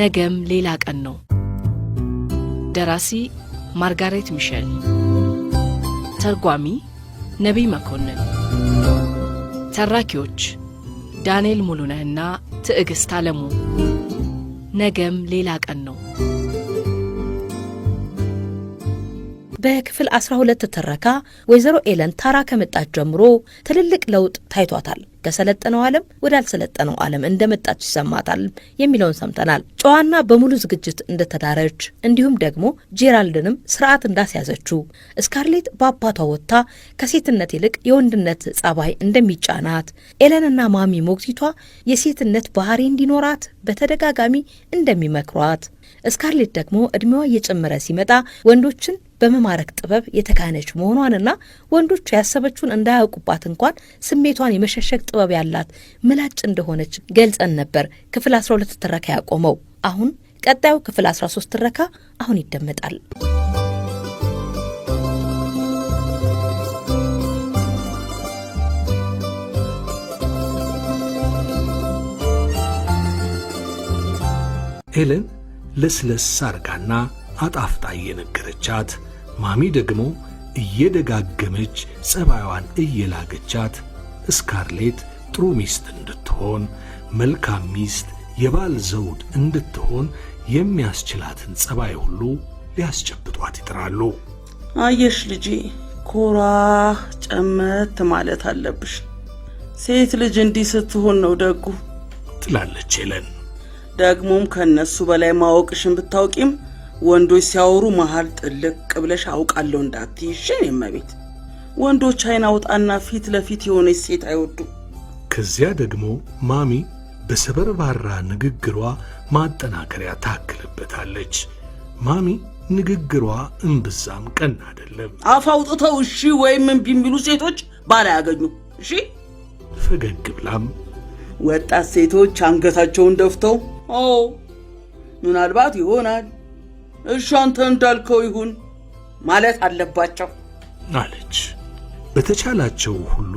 ነገም ሌላ ቀን ነው። ደራሲ ማርጋሬት ሚሸል፣ ተርጓሚ ነቢይ መኮንን፣ ተራኪዎች ዳንኤል ሙሉነህና ትዕግሥት አለሙ። ነገም ሌላ ቀን ነው። በክፍል 12 ትረካ ወይዘሮ ኤለን ታራ ከመጣች ጀምሮ ትልልቅ ለውጥ ታይቷታል። ከሰለጠነው ዓለም ወዳልሰለጠነው ዓለም እንደመጣች ይሰማታል የሚለውን ሰምተናል። ጨዋና በሙሉ ዝግጅት እንደተዳረች እንዲሁም ደግሞ ጄራልድንም ስርዓት እንዳስያዘችው እስካርሌት በአባቷ ወጥታ ከሴትነት ይልቅ የወንድነት ጸባይ እንደሚጫናት ኤለንና ማሚ ሞግዚቷ የሴትነት ባህሪ እንዲኖራት በተደጋጋሚ እንደሚመክሯት ስካርሌት ደግሞ እድሜዋ እየጨመረ ሲመጣ ወንዶችን በመማረክ ጥበብ የተካነች መሆኗንና ወንዶቹ ያሰበችውን እንዳያውቁባት እንኳን ስሜቷን የመሸሸግ ጥበብ ያላት ምላጭ እንደሆነች ገልጸን ነበር። ክፍል 12 ትረካ ያቆመው። አሁን ቀጣዩ ክፍል 13 ትረካ አሁን ይደመጣል። ሄለን ለስለስ አርጋና አጣፍጣ እየነገረቻት፣ ማሚ ደግሞ እየደጋገመች ጸባይዋን እየላገቻት እስካርሌት ጥሩ ሚስት እንድትሆን መልካም ሚስት የባል ዘውድ እንድትሆን የሚያስችላትን ጸባይ ሁሉ ሊያስጨብጧት ይጥራሉ። አየሽ ልጄ፣ ኮራ ጨመት ማለት አለብሽ። ሴት ልጅ እንዲህ ስትሆን ነው ደጉ ትላለች ሄለን። ደግሞም ከነሱ በላይ ማወቅሽን ብታውቂም ወንዶች ሲያወሩ መሀል ጥልቅ ብለሽ አውቃለሁ እንዳትይሽን የመቤት ወንዶች አይን አውጣና ፊት ለፊት የሆነች ሴት አይወዱም። ከዚያ ደግሞ ማሚ በሰበርባራ ንግግሯ ማጠናከሪያ ታክልበታለች። ማሚ ንግግሯ እምብዛም ቀን አይደለም። አፍ አውጥተው እሺ ወይም እምቢ የሚሉ ሴቶች ባል አያገኙ። እሺ ፈገግ ብላም ወጣት ሴቶች አንገታቸውን ደፍተው አዎ ምናልባት ይሆናል። እሺ አንተ እንዳልከው ይሁን ማለት አለባቸው አለች። በተቻላቸው ሁሉ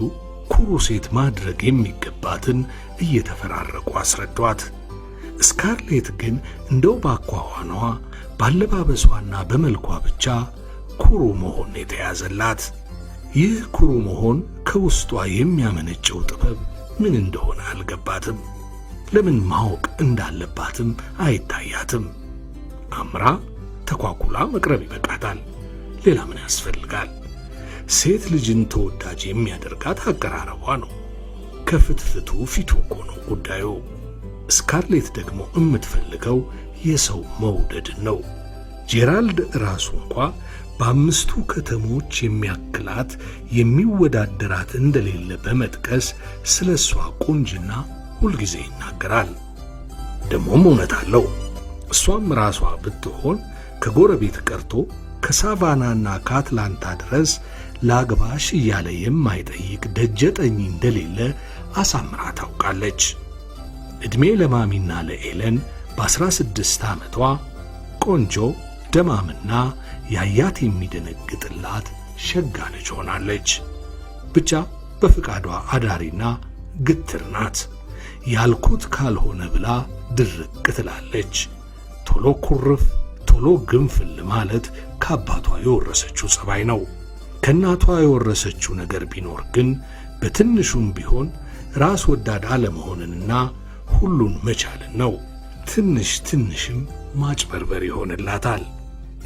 ኩሩ ሴት ማድረግ የሚገባትን እየተፈራረቁ አስረዷት። ስካርሌት ግን እንደው ባኳኋኗ ባለባበሷና በመልኳ ብቻ ኩሩ መሆን የተያዘላት። ይህ ኩሩ መሆን ከውስጧ የሚያመነጨው ጥበብ ምን እንደሆነ አልገባትም። ለምን ማወቅ እንዳለባትም አይታያትም። አምራ ተኳኩላ መቅረብ ይበቃታል። ሌላ ምን ያስፈልጋል? ሴት ልጅን ተወዳጅ የሚያደርጋት አቀራረቧ ነው። ከፍትፍቱ ፊቱ እኮ ነው ጉዳዩ። ስካርሌት ደግሞ የምትፈልገው የሰው መውደድን ነው። ጄራልድ ራሱ እንኳ በአምስቱ ከተሞች የሚያክላት የሚወዳደራት እንደሌለ በመጥቀስ ስለ እሷ ቁንጅና ሁልጊዜ ይናገራል። ደግሞም እውነት አለው። እሷም ራሷ ብትሆን ከጎረቤት ቀርቶ ከሳቫናና ከአትላንታ ድረስ ላግባሽ እያለ የማይጠይቅ ደጀጠኝ እንደሌለ አሳምራ ታውቃለች። ዕድሜ ለማሚና ለኤለን በ16 ዓመቷ ቆንጆ ደማምና ያያት የሚደነግጥላት ሸጋ ልጅ ሆናለች። ብቻ በፍቃዷ አዳሪና ግትር ናት። ያልኩት ካልሆነ ብላ ድርቅ ትላለች። ቶሎ ኩርፍ ቶሎ ግንፍል ማለት ከአባቷ የወረሰችው ጸባይ ነው። ከእናቷ የወረሰችው ነገር ቢኖር ግን በትንሹም ቢሆን ራስ ወዳድ አለመሆንንና ሁሉን መቻልን ነው። ትንሽ ትንሽም ማጭበርበር ይሆንላታል።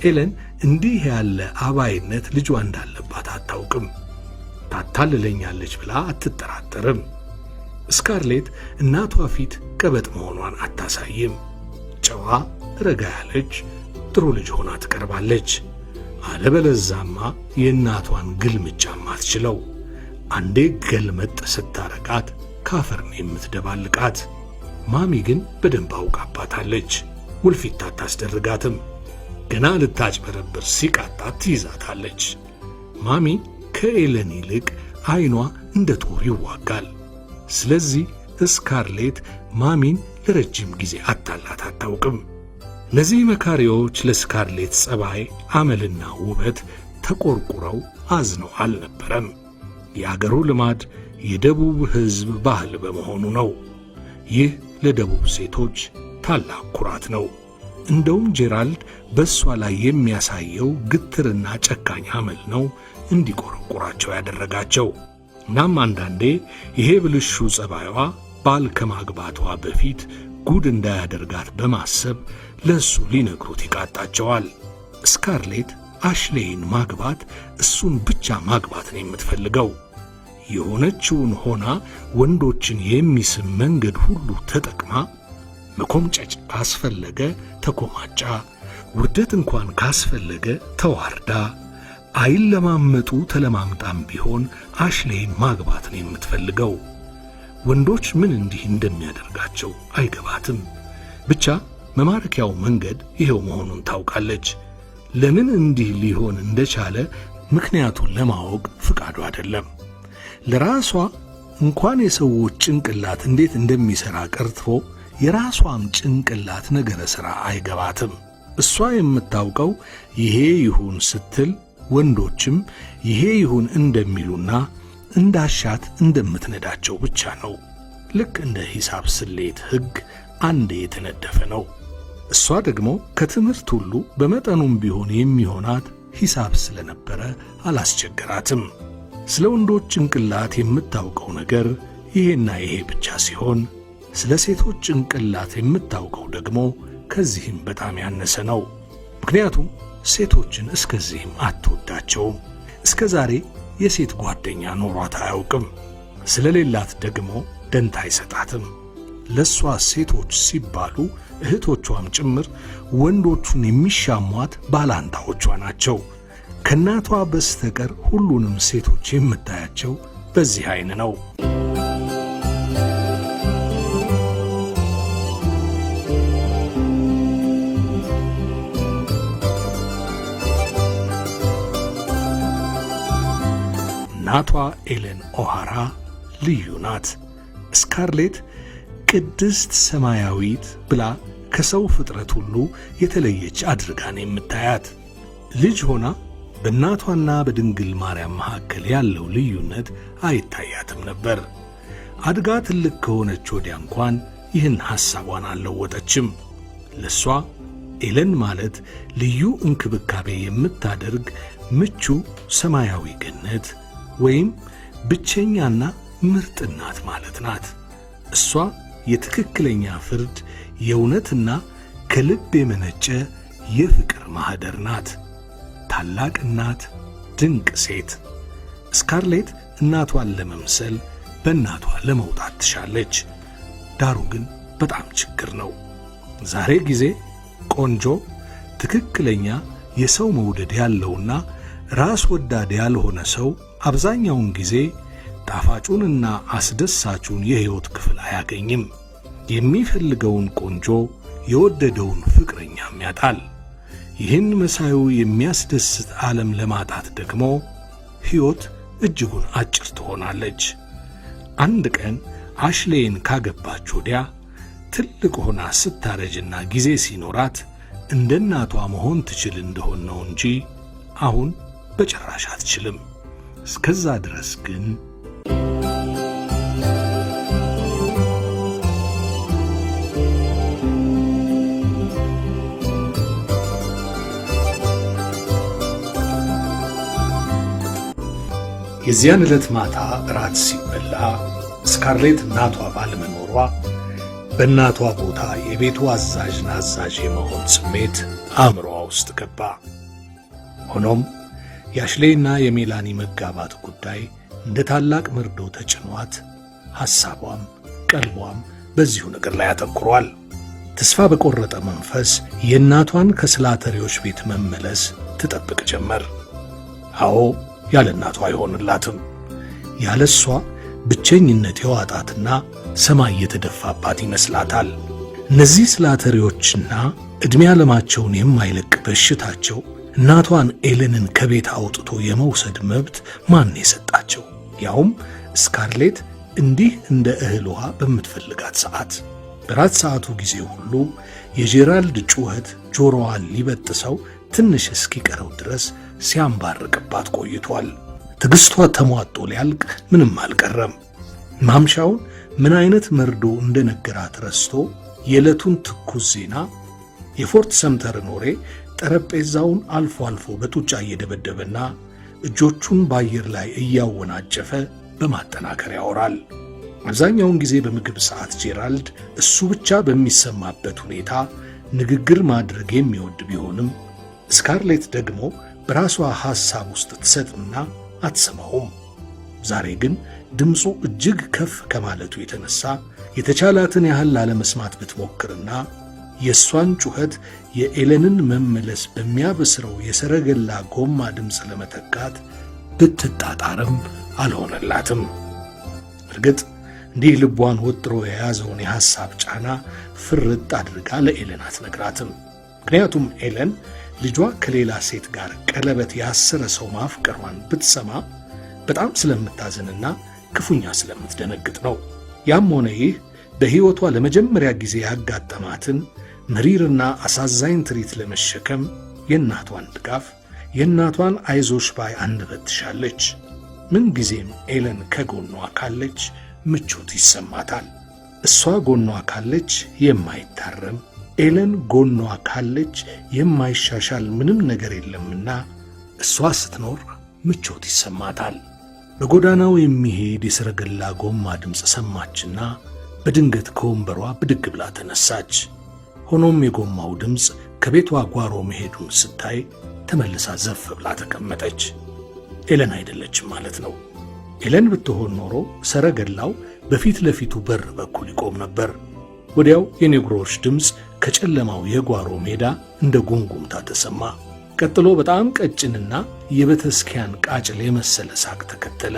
ኤለን እንዲህ ያለ አባይነት ልጇ እንዳለባት አታውቅም። ታታልለኛለች ብላ አትጠራጠርም። ስካርሌት እናቷ ፊት ቀበጥ መሆኗን አታሳይም። ጨዋ ረጋ ያለች ጥሩ ልጅ ሆና ትቀርባለች። አለበለዛማ የእናቷን ግልምጫም አትችለው። አንዴ ገልመጥ ስታረቃት ካፈርን የምትደባልቃት ማሚ ግን በደንብ አውቃባታለች። ውልፊት አታስደርጋትም። ገና ልታጭበረብር ሲቃጣት ትይዛታለች። ማሚ ከኤለን ይልቅ ዐይኗ እንደ ጦር ይዋጋል። ስለዚህ እስካርሌት ማሚን ለረጅም ጊዜ አታላት አታውቅም። እነዚህ መካሪዎች ለስካርሌት ጸባይ፣ አመልና ውበት ተቆርቁረው አዝነው አልነበረም። የአገሩ ልማድ የደቡብ ሕዝብ ባህል በመሆኑ ነው። ይህ ለደቡብ ሴቶች ታላቅ ኩራት ነው። እንደውም ጄራልድ በእሷ ላይ የሚያሳየው ግትርና ጨካኝ አመል ነው እንዲቆረቁራቸው ያደረጋቸው። እናም አንዳንዴ ይሄ ብልሹ ጸባይዋ ባል ከማግባቷ በፊት ጉድ እንዳያደርጋት በማሰብ ለእሱ ሊነግሩት ይቃጣቸዋል። ስካርሌት አሽሌይን ማግባት እሱን ብቻ ማግባት ነው የምትፈልገው። የሆነችውን ሆና ወንዶችን የሚስብ መንገድ ሁሉ ተጠቅማ መኮምጨጭ ካስፈለገ ተኮማጫ፣ ውርደት እንኳን ካስፈለገ ተዋርዳ አይለማመጡ ተለማምጣም ቢሆን አሽሌ ማግባት ነው የምትፈልገው። ወንዶች ምን እንዲህ እንደሚያደርጋቸው አይገባትም። ብቻ መማረኪያው መንገድ ይኸው መሆኑን ታውቃለች። ለምን እንዲህ ሊሆን እንደቻለ ምክንያቱን ለማወቅ ፍቃዱ አይደለም። ለራሷ እንኳን የሰዎች ጭንቅላት እንዴት እንደሚሠራ ቀርትፎ የራሷም ጭንቅላት ነገረ ሥራ አይገባትም። እሷ የምታውቀው ይሄ ይሁን ስትል ወንዶችም ይሄ ይሁን እንደሚሉና እንዳሻት እንደምትነዳቸው ብቻ ነው። ልክ እንደ ሂሳብ ስሌት ሕግ አንዴ የተነደፈ ነው። እሷ ደግሞ ከትምህርት ሁሉ በመጠኑም ቢሆን የሚሆናት ሂሳብ ስለነበረ አላስቸገራትም። ስለ ወንዶች ጭንቅላት የምታውቀው ነገር ይሄና ይሄ ብቻ ሲሆን ስለ ሴቶች ጭንቅላት የምታውቀው ደግሞ ከዚህም በጣም ያነሰ ነው። ምክንያቱም ሴቶችን እስከዚህም አትወዳቸውም። እስከ ዛሬ የሴት ጓደኛ ኖሯት አያውቅም። ስለሌላት ደግሞ ደንታ አይሰጣትም። ለእሷ ሴቶች ሲባሉ እህቶቿም ጭምር ወንዶቹን የሚሻሟት ባላንታዎቿ ናቸው። ከእናቷ በስተቀር ሁሉንም ሴቶች የምታያቸው በዚህ ዐይን ነው። እናቷ ኤለን ኦሃራ ልዩ ናት። ስካርሌት ቅድስት ሰማያዊት ብላ ከሰው ፍጥረት ሁሉ የተለየች አድርጋን የምታያት ልጅ ሆና በእናቷና በድንግል ማርያም መካከል ያለው ልዩነት አይታያትም ነበር። አድጋ ትልቅ ከሆነች ወዲያ እንኳን ይህን ሐሳቧን አልለወጠችም። ለእሷ ኤለን ማለት ልዩ እንክብካቤ የምታደርግ ምቹ ሰማያዊ ገነት ወይም ብቸኛና ምርጥ እናት ማለት ናት። እሷ የትክክለኛ ፍርድ የእውነትና ከልብ የመነጨ የፍቅር ማኅደር ናት። ታላቅ እናት፣ ድንቅ ሴት። ስካርሌት እናቷን ለመምሰል በእናቷ ለመውጣት ትሻለች። ዳሩ ግን በጣም ችግር ነው። ዛሬ ጊዜ ቆንጆ፣ ትክክለኛ የሰው መውደድ ያለውና ራስ ወዳድ ያልሆነ ሰው አብዛኛውን ጊዜ ጣፋጩንና አስደሳቹን የሕይወት ክፍል አያገኝም። የሚፈልገውን ቆንጆ፣ የወደደውን ፍቅረኛም ያጣል። ይህን መሳዩ የሚያስደስት ዓለም ለማጣት ደግሞ ሕይወት እጅጉን አጭር ትሆናለች። አንድ ቀን አሽሌን ካገባች ወዲያ ትልቅ ሆና ስታረጅና ጊዜ ሲኖራት እንደ እናቷ መሆን ትችል እንደሆን ነው እንጂ አሁን በጭራሽ አትችልም። እስከዛ ድረስ ግን የዚያን ዕለት ማታ እራት ሲበላ ስካርሌት እናቷ ባለመኖሯ በእናቷ ቦታ የቤቱ አዛዥን አዛዥ የመሆን ስሜት አእምሮዋ ውስጥ ገባ። ሆኖም የአሽሌና የሜላኒ መጋባት ጉዳይ እንደ ታላቅ መርዶ ተጭኗት ሐሳቧም ቀልቧም በዚሁ ነገር ላይ አተኩሯል። ተስፋ በቆረጠ መንፈስ የእናቷን ከስላተሪዎች ቤት መመለስ ትጠብቅ ጀመር። አዎ ያለ እናቷ አይሆንላትም። ያለ እሷ ብቸኝነት የዋጣትና ሰማይ የተደፋባት ይመስላታል። እነዚህ ስላተሪዎችና ዕድሜ ዓለማቸውን የማይለቅ በሽታቸው እናቷን ኤለንን ከቤት አውጥቶ የመውሰድ መብት ማን የሰጣቸው? ያውም ስካርሌት እንዲህ እንደ እህል ውሃ በምትፈልጋት ሰዓት። በራት ሰዓቱ ጊዜ ሁሉ የጄራልድ ጩኸት ጆሮዋን ሊበጥሰው ትንሽ እስኪቀረው ድረስ ሲያንባርቅባት ቆይቷል። ትግስቷ ተሟጦ ሊያልቅ ምንም አልቀረም። ማምሻውን ምን አይነት መርዶ እንደነገራት ረስቶ የዕለቱን ትኩስ ዜና የፎርት ሰምተርን ወሬ ጠረጴዛውን አልፎ አልፎ በጡጫ እየደበደበና እጆቹን በአየር ላይ እያወናጨፈ በማጠናከር ያወራል። አብዛኛውን ጊዜ በምግብ ሰዓት ጄራልድ እሱ ብቻ በሚሰማበት ሁኔታ ንግግር ማድረግ የሚወድ ቢሆንም ስካርሌት ደግሞ በራሷ ሐሳብ ውስጥ ትሰጥና አትሰማውም። ዛሬ ግን ድምፁ እጅግ ከፍ ከማለቱ የተነሳ የተቻላትን ያህል ላለመስማት ብትሞክርና የእሷን ጩኸት የኤለንን መመለስ በሚያበስረው የሰረገላ ጎማ ድምፅ ለመተካት ብትጣጣርም አልሆነላትም። እርግጥ እንዲህ ልቧን ወጥሮ የያዘውን የሐሳብ ጫና ፍርጥ አድርጋ ለኤለን አትነግራትም። ምክንያቱም ኤለን ልጇ ከሌላ ሴት ጋር ቀለበት ያሰረ ሰው ማፍቀሯን ብትሰማ በጣም ስለምታዝንና ክፉኛ ስለምትደነግጥ ነው። ያም ሆነ ይህ በሕይወቷ ለመጀመሪያ ጊዜ ያጋጠማትን መሪርና አሳዛኝ ትርኢት ለመሸከም የእናቷን ድጋፍ፣ የእናቷን አይዞሽ ባይ አንደበት ትሻለች። ምንጊዜም ኤለን ከጎኗ ካለች ምቾት ይሰማታል። እሷ ጎኗ ካለች የማይታረም ኤለን ጎኗ ካለች የማይሻሻል ምንም ነገር የለምና እሷ ስትኖር ምቾት ይሰማታል። በጎዳናው የሚሄድ የሰረገላ ጎማ ድምፅ ሰማችና በድንገት ከወንበሯ ብድግ ብላ ተነሳች። ሆኖም የጎማው ድምፅ ከቤቷ ጓሮ መሄዱን ስታይ ተመልሳ ዘፍ ብላ ተቀመጠች። ኤለን አይደለችም ማለት ነው። ኤለን ብትሆን ኖሮ ሰረገላው በፊት ለፊቱ በር በኩል ይቆም ነበር። ወዲያው የኔግሮዎች ድምፅ ከጨለማው የጓሮ ሜዳ እንደ ጉምጉምታ ተሰማ። ቀጥሎ በጣም ቀጭንና የቤተስኪያን ቃጭል የመሰለ ሳቅ ተከተለ።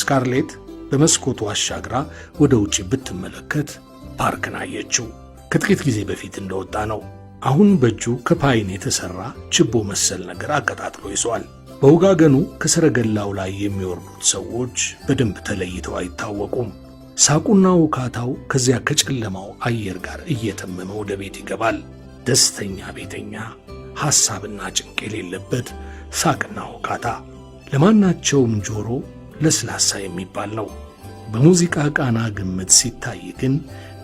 ስካርሌት በመስኮቱ አሻግራ ወደ ውጪ ብትመለከት ፓርክን አየችው። ከጥቂት ጊዜ በፊት እንደወጣ ነው። አሁን በእጁ ከፓይን የተሰራ ችቦ መሰል ነገር አቀጣጥሎ ይዟል። በውጋገኑ ከሰረገላው ላይ የሚወርዱት ሰዎች በደንብ ተለይተው አይታወቁም። ሳቁና ውካታው ከዚያ ከጨለማው አየር ጋር እየተመመ ወደ ቤት ይገባል። ደስተኛ ቤተኛ፣ ሐሳብና ጭንቅ የሌለበት ሳቅና ውካታ ለማናቸውም ጆሮ ለስላሳ የሚባል ነው። በሙዚቃ ቃና ግምት ሲታይ ግን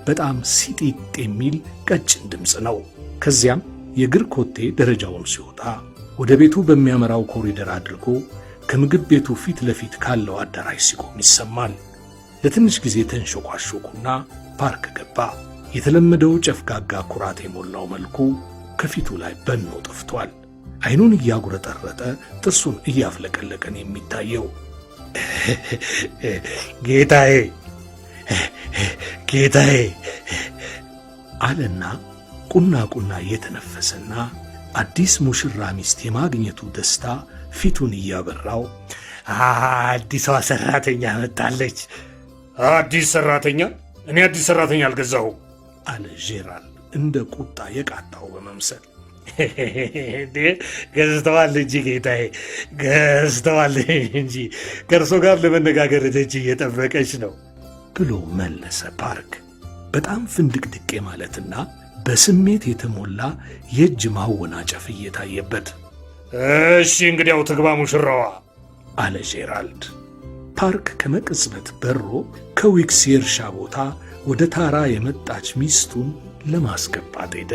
በጣም ሲጢጥ የሚል ቀጭን ድምፅ ነው። ከዚያም የእግር ኮቴ ደረጃውን ሲወጣ ወደ ቤቱ በሚያመራው ኮሪደር አድርጎ ከምግብ ቤቱ ፊት ለፊት ካለው አዳራሽ ሲቆም ይሰማል። ለትንሽ ጊዜ ተንሾኳሾኩና ፓርክ ገባ። የተለመደው ጨፍጋጋ ኩራት የሞላው መልኩ ከፊቱ ላይ በኖ ጠፍቷል። አይኑን እያጉረጠረጠ ጥርሱን እያፍለቀለቀን የሚታየው ጌታዬ ጌታዬ አለና ቁና ቁና እየተነፈሰና አዲስ ሙሽራ ሚስት የማግኘቱ ደስታ ፊቱን እያበራው አዲሷ ሰራተኛ መጣለች። አዲስ ሰራተኛ? እኔ አዲስ ሰራተኛ አልገዛሁ አለ ጄራል እንደ ቁጣ የቃጣው በመምሰል ገዝተዋል እንጂ ጌታዬ፣ ገዝተዋል እንጂ ከእርሶ ጋር ለመነጋገር ደጅ እየጠበቀች ነው ብሎ መለሰ ፓርክ በጣም ፍንድቅድቄ ማለትና በስሜት የተሞላ የእጅ ማወናጨፍ እየታየበት። እሺ እንግዲያው ትግባ ሙሽራዋ አለ ጄራልድ። ፓርክ ከመቅጽበት በሮ ከዊክስ የእርሻ ቦታ ወደ ታራ የመጣች ሚስቱን ለማስገባት ሄደ።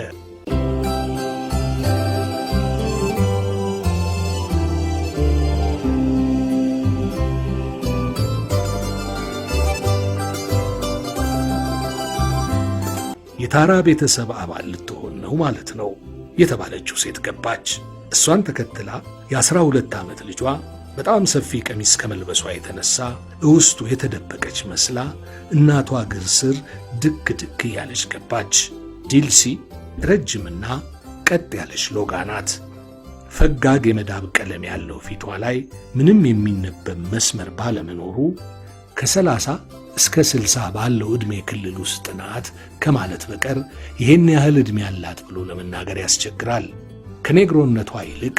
የታራ ቤተሰብ አባል ልትሆን ነው ማለት ነው የተባለችው ሴት ገባች። እሷን ተከትላ የአስራ ሁለት ዓመት ልጇ በጣም ሰፊ ቀሚስ ከመልበሷ የተነሳ እውስጡ የተደበቀች መስላ እናቷ እግር ስር ድክ ድክ እያለች ገባች። ዲልሲ ረጅምና ቀጥ ያለች ሎጋ ናት። ፈጋግ የመዳብ ቀለም ያለው ፊቷ ላይ ምንም የሚነበብ መስመር ባለመኖሩ ከ30 እስከ 60 ባለው ዕድሜ ክልል ውስጥ ናት ከማለት በቀር ይህን ያህል ዕድሜ ያላት ብሎ ለመናገር ያስቸግራል። ከኔግሮነቷ ይልቅ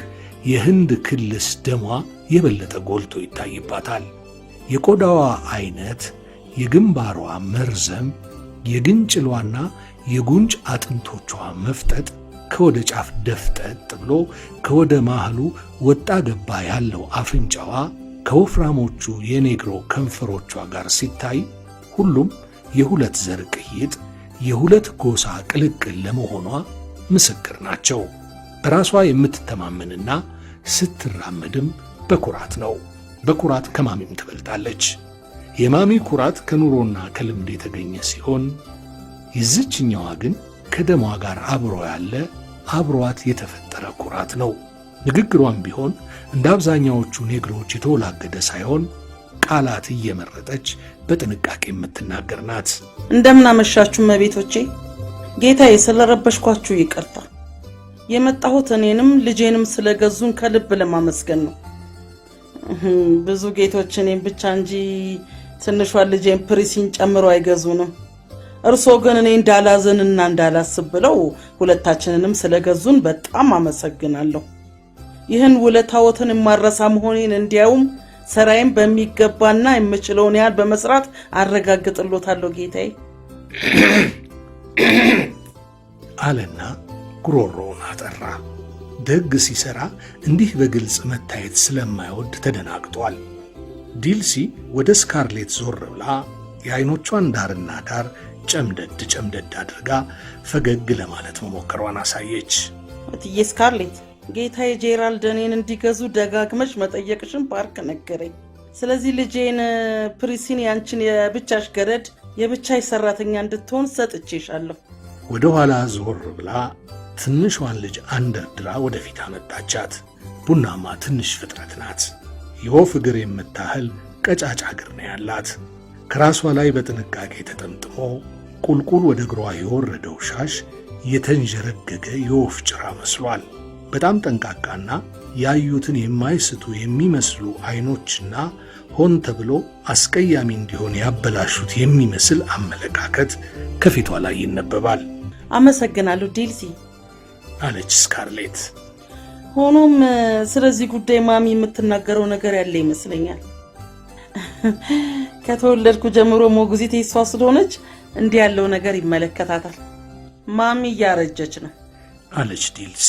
የህንድ ክልስ ደሟ የበለጠ ጎልቶ ይታይባታል። የቆዳዋ አይነት፣ የግንባሯ መርዘም፣ የግንጭሏና የጉንጭ አጥንቶቿ መፍጠጥ ከወደ ጫፍ ደፍጠጥ ብሎ ከወደ ማህሉ ወጣ ገባ ያለው አፍንጫዋ ከወፍራሞቹ የኔግሮ ከንፈሮቿ ጋር ሲታይ ሁሉም የሁለት ዘር ቅይጥ፣ የሁለት ጎሳ ቅልቅል ለመሆኗ ምስክር ናቸው። በራሷ የምትተማመንና ስትራመድም በኩራት ነው። በኩራት ከማሚም ትበልጣለች። የማሚ ኩራት ከኑሮና ከልምድ የተገኘ ሲሆን የዝችኛዋ ግን ከደሟ ጋር አብሮ ያለ አብሯት የተፈጠረ ኩራት ነው። ንግግሯም ቢሆን እንደ አብዛኛዎቹ ኔግሮች የተወላገደ ሳይሆን ቃላት እየመረጠች በጥንቃቄ የምትናገር ናት። እንደምናመሻችሁ መቤቶቼ፣ ጌታዬ ስለረበሽኳችሁ ይቅርታ። የመጣሁት እኔንም ልጄንም ስለገዙን ከልብ ለማመስገን ነው። ብዙ ጌቶች እኔም ብቻ እንጂ ትንሿን ልጄን ፕሪሲን ጨምሮ አይገዙንም። እርስዎ ግን እኔ እንዳላዝንና እንዳላስብ ብለው ሁለታችንንም ስለገዙን በጣም አመሰግናለሁ። ይህን ውለታዎትን የማረሳ መሆኔን እንዲያውም ሰራይም በሚገባና የምችለውን ያህል በመስራት አረጋግጥሎታለሁ ጌታዬ አለና ጉሮሮውን አጠራ። ደግ ሲሰራ እንዲህ በግልጽ መታየት ስለማይወድ ተደናግጧል። ዲልሲ ወደ ስካርሌት ዞር ብላ የአይኖቿን ዳርና ዳር ጨምደድ ጨምደድ አድርጋ ፈገግ ለማለት መሞከሯን አሳየች። እትዬ ስካርሌት ጌታ የጄራልድ እኔን እንዲገዙ ደጋግመሽ መጠየቅሽን ፓርክ ነገረኝ። ስለዚህ ልጄን ፕሪሲን ያንቺን የብቻሽ ገረድ የብቻሽ ሰራተኛ እንድትሆን ሰጥቼሻለሁ። ወደ ኋላ ዞር ብላ ትንሿን ልጅ አንደርድራ ወደፊት አመጣቻት። ቡናማ ትንሽ ፍጥረት ናት። የወፍ እግር የምታህል ቀጫጫ እግር ነው ያላት። ከራሷ ላይ በጥንቃቄ ተጠምጥሞ ቁልቁል ወደ እግሯ የወረደው ሻሽ የተንዠረገገ የወፍ ጭራ መስሏል። በጣም ጠንቃቃና ያዩትን የማይስቱ የሚመስሉ አይኖችና ሆን ተብሎ አስቀያሚ እንዲሆን ያበላሹት የሚመስል አመለካከት ከፊቷ ላይ ይነበባል። አመሰግናለሁ ዴልሲ አለች ስካርሌት። ሆኖም ስለዚህ ጉዳይ ማሚ የምትናገረው ነገር ያለ ይመስለኛል። ከተወለድኩ ጀምሮ ሞግዚት የሷ ስለሆነች እንዲህ ያለው ነገር ይመለከታታል። ማሚ እያረጀች ነው አለች ዴልሲ።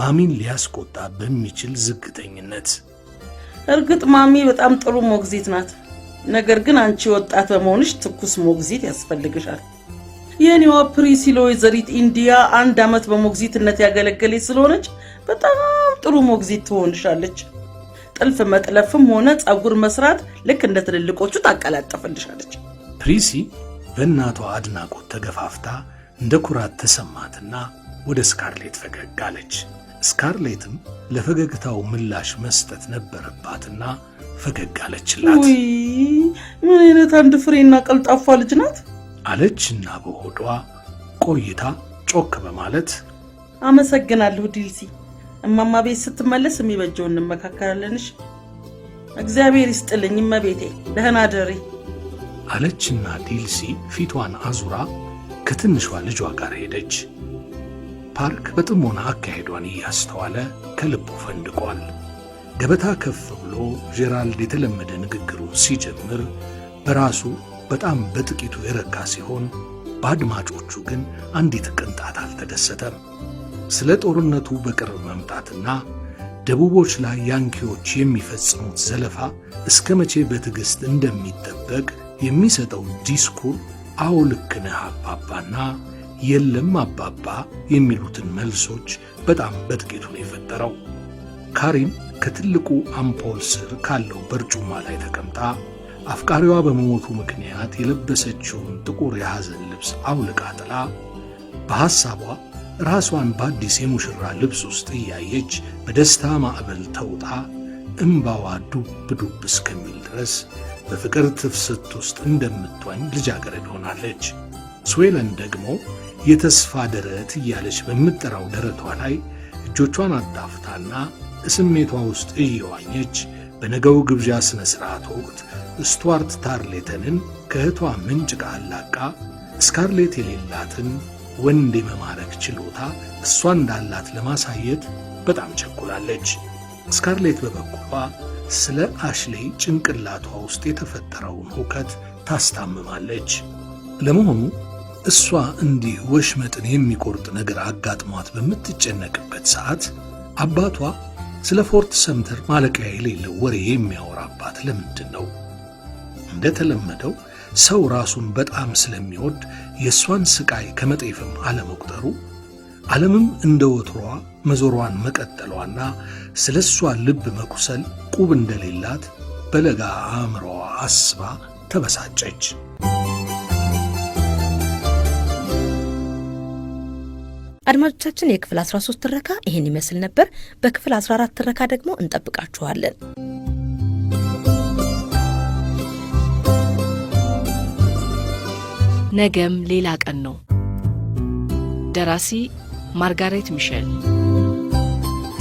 ማሚን ሊያስቆጣ በሚችል ዝግተኝነት። እርግጥ ማሚ በጣም ጥሩ ሞግዚት ናት። ነገር ግን አንቺ ወጣት በመሆንሽ ትኩስ ሞግዚት ያስፈልግሻል። የኔዋ ፕሪሲሎ ወይዘሪት ኢንዲያ አንድ ዓመት በሞግዚትነት ያገለገለች ስለሆነች በጣም ጥሩ ሞግዚት ትሆንሻለች። ጥልፍ መጥለፍም ሆነ ጸጉር መስራት ልክ እንደ ትልልቆቹ ታቀላጠፍልሻለች። ፕሪሲ በእናቷ አድናቆት ተገፋፍታ እንደ ኩራት ተሰማትና ወደ ስካርሌት ፈገግ አለች። ስካርሌትም ለፈገግታው ምላሽ መስጠት ነበረባትና ፈገግ አለችላት። ውይ ምን አይነት አንድ ፍሬና ቀልጣፋ ልጅ ናት አለችና በሆዷ ቆይታ ጮክ በማለት አመሰግናለሁ ዲልሲ። እማማ ቤት ስትመለስ የሚበጀው እንመካከላለንሽ። እግዚአብሔር ይስጥልኝ እመቤቴ፣ ደህና ደሪ አለችና ዲልሲ ፊቷን አዙራ ከትንሿ ልጇ ጋር ሄደች። ፓርክ በጥሞና አካሄዷን እያስተዋለ ከልቡ ፈንድቋል። ገበታ ከፍ ብሎ ጄራልድ የተለመደ ንግግሩ ሲጀምር በራሱ በጣም በጥቂቱ የረካ ሲሆን በአድማጮቹ ግን አንዲት ቅንጣት አልተደሰተም። ስለ ጦርነቱ በቅርብ መምጣትና ደቡቦች ላይ ያንኪዎች የሚፈጽሙት ዘለፋ እስከ መቼ በትዕግሥት እንደሚጠበቅ የሚሰጠው ዲስኩር አዎ ልክ ነህ አባባና የለም አባባ የሚሉትን መልሶች በጣም በጥቂቱ ነው የፈጠረው። ካሪን ከትልቁ አምፖል ስር ካለው በርጩማ ላይ ተቀምጣ አፍቃሪዋ በመሞቱ ምክንያት የለበሰችውን ጥቁር የሐዘን ልብስ አውልቃ ጥላ በሐሳቧ ራሷን በአዲስ የሙሽራ ልብስ ውስጥ እያየች በደስታ ማዕበል ተውጣ እምባዋ ዱብ ዱብ እስከሚል ድረስ በፍቅር ትፍስት ውስጥ እንደምትዋኝ ልጃገረድ ሆናለች። ስዌለን ደግሞ የተስፋ ደረት እያለች በምትጠራው ደረቷ ላይ እጆቿን አጣፍታና ስሜቷ ውስጥ እየዋኘች በነገው ግብዣ ሥነ ሥርዓት ወቅት ስቱዋርት ታርሌተንን ከእህቷ ምንጭ ጋር አላቃ ስካርሌት የሌላትን ወንድ የመማረክ ችሎታ እሷ እንዳላት ለማሳየት በጣም ቸኩላለች። ስካርሌት በበኩሏ ስለ አሽሌ ጭንቅላቷ ውስጥ የተፈጠረውን ሁከት ታስታምማለች። ለመሆኑ እሷ እንዲህ ወሽመጥን የሚቆርጥ ነገር አጋጥሟት በምትጨነቅበት ሰዓት አባቷ ስለ ፎርት ሰምተር ማለቂያ የሌለው ወሬ የሚያወራ አባት ለምንድን ነው? እንደተለመደው ሰው ራሱን በጣም ስለሚወድ የእሷን ስቃይ ከመጤፍም አለመቁጠሩ ዓለምም እንደ ወትሯ መዞሯን መቀጠሏና ስለ እሷ ልብ መቁሰል ቁብ እንደሌላት በለጋ አእምሮዋ አስባ ተበሳጨች። አድማጮቻችን የክፍል 13 ትረካ ይህን ይመስል ነበር። በክፍል 14 ትረካ ደግሞ እንጠብቃችኋለን። ነገም ሌላ ቀን ነው። ደራሲ ማርጋሬት ሚሼል